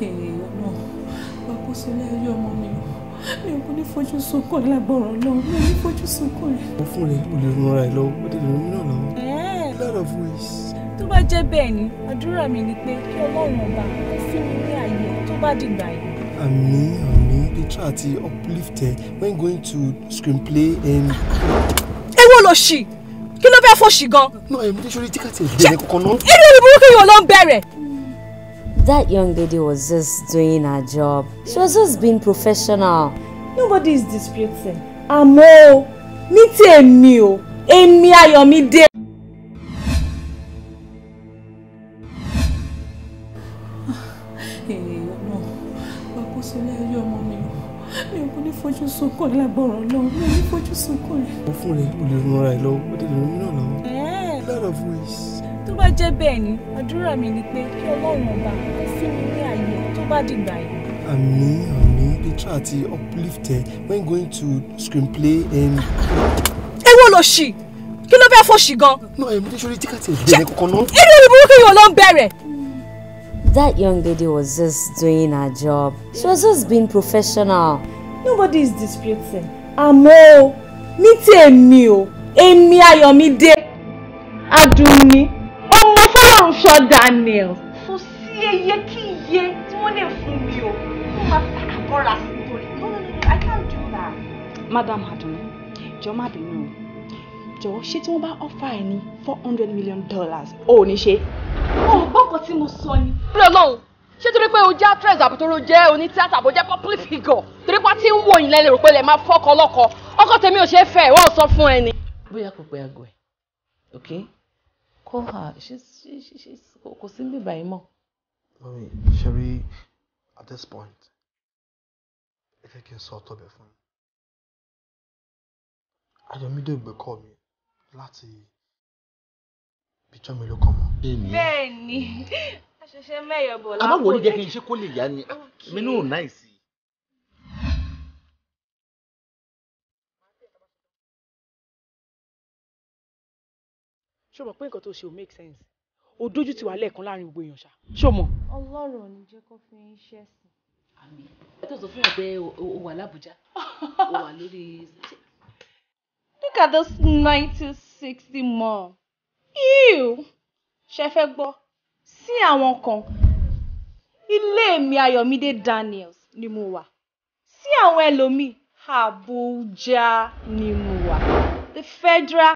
ọ̀nà bàbá sílé ẹjọ́ ọmọ mi mi ò ní fojú sunkún lágbọ̀rọ̀ lọ́wọ́ mi ò ní fojú sunkún rẹ̀. mo fún rẹ o lè ẹ lọ́wọ́ o lè ràn mí náà lọ́wọ́. lot tó bá jẹ́ bẹ́ẹ̀ ni àdúrà mi ni pé kí ọlọ́run ọba fún mi ní ààyè tó bá dìgbà yìí. àmì àmì bí try àti uplift when going to screenplay. and. Um, ewo lo ṣì kí ló fẹ́ fọ́ ṣì gan. náà èmi um, ní sori tíkàtì ìbẹ̀rẹ̀ kankan náà. inú ìbúrúkú yìí ò ló ń bẹ̀rẹ̀ that young lady was just doing her job. She was just being professional. Nobody is disputing. Àmọ́ ní tèmi o, èmi Ayọ̀mídé. fojú sunkún lágbọ̀rọ̀ lọ́wọ́ mi ní fojú sunkún rẹ̀. mo fún rẹ mo lè ràn ẹ lọ́wọ́ mo lè ràn mí náà lọ́wọ́. a lot of ways jẹ́ bẹ́ẹ̀ ni àdúrà mi ni pé kí ọlọ́run ọba kó fún mi ní ààyè tó bá dìgbà yìí. àmì àmì petra àti uplift when going to screenplay. Um, ẹ wo lo sí kí ló fẹ́ fòṣì gan. náà èmi um, ní sori tíkàtì ìbẹ̀rẹ̀ kankan náà. irú orí burúkú yìí ò ló bẹ̀rẹ̀. That young lady was just doing her job. She was just being professional. Nobody is disputing. Àmọ́ ní tèmi o, èmi Ayọ̀mídé, Adùnní ṣọ́ Daniel. kò sí eye kí iye tí wọ́n lè fún mi o máa fi àkọ́ra sí nítorí no no no I can't do that. madam Adunni jọ má bínú o jọ̀wọ́ ṣé tí wọ́n bá ọ́fà ẹ̀ ní four hundred million dollars ó ò ní ṣe. ọ̀gbọ́kọ̀ tí mo sọ ni. bí Ọlọ́run ṣé torí pé o jẹ́ actress àbútóró jẹ́ onítìátà àbójẹ́ public figure torí pé tí ń wò yín lẹ́lẹ́ rò pé lè máa fọ́kọ lọ́kọ ọkọ tèmi ò ṣe é fẹ́ wọ́n sọ fún ẹni. bóyá kò pé aago ẹ̀ okay call her she's she, she, she's kò by mom. Mommy, mọ́. mami sherry at this point if I can sort sọ ọ̀tọ̀ phone, I don't ayọ̀mídé ògbẹ́kọ̀ mi láti me. mi ló kàn mọ́. bẹ́ẹ̀ Benny, a ṣẹ̀ṣẹ̀ mẹ́yọ̀ bọ̀ lápò rẹ̀. àmọ́ wò ó jẹ́ kí n ṣe kó lè yá ni mi náà ṣé o mọ̀ pé nǹkan tó ṣe ò make sense o dójú tì wá lẹ́ẹ̀kan láàrin gbogbo èèyàn ṣá ṣé o mọ̀. ọlọ́run ò ní jẹ́ kó fi ń ṣẹ́ sí. àmì ẹ tó sọ fún yàn o wà lábújá o wà lórí. look at those ninety sixty mom ew ṣe fẹ́ gbọ́ sí àwọn kan ilé mi ayọ̀mídé daniels ni mo wà sí àwọn ẹlòmíì Abuja ni mo wà the federal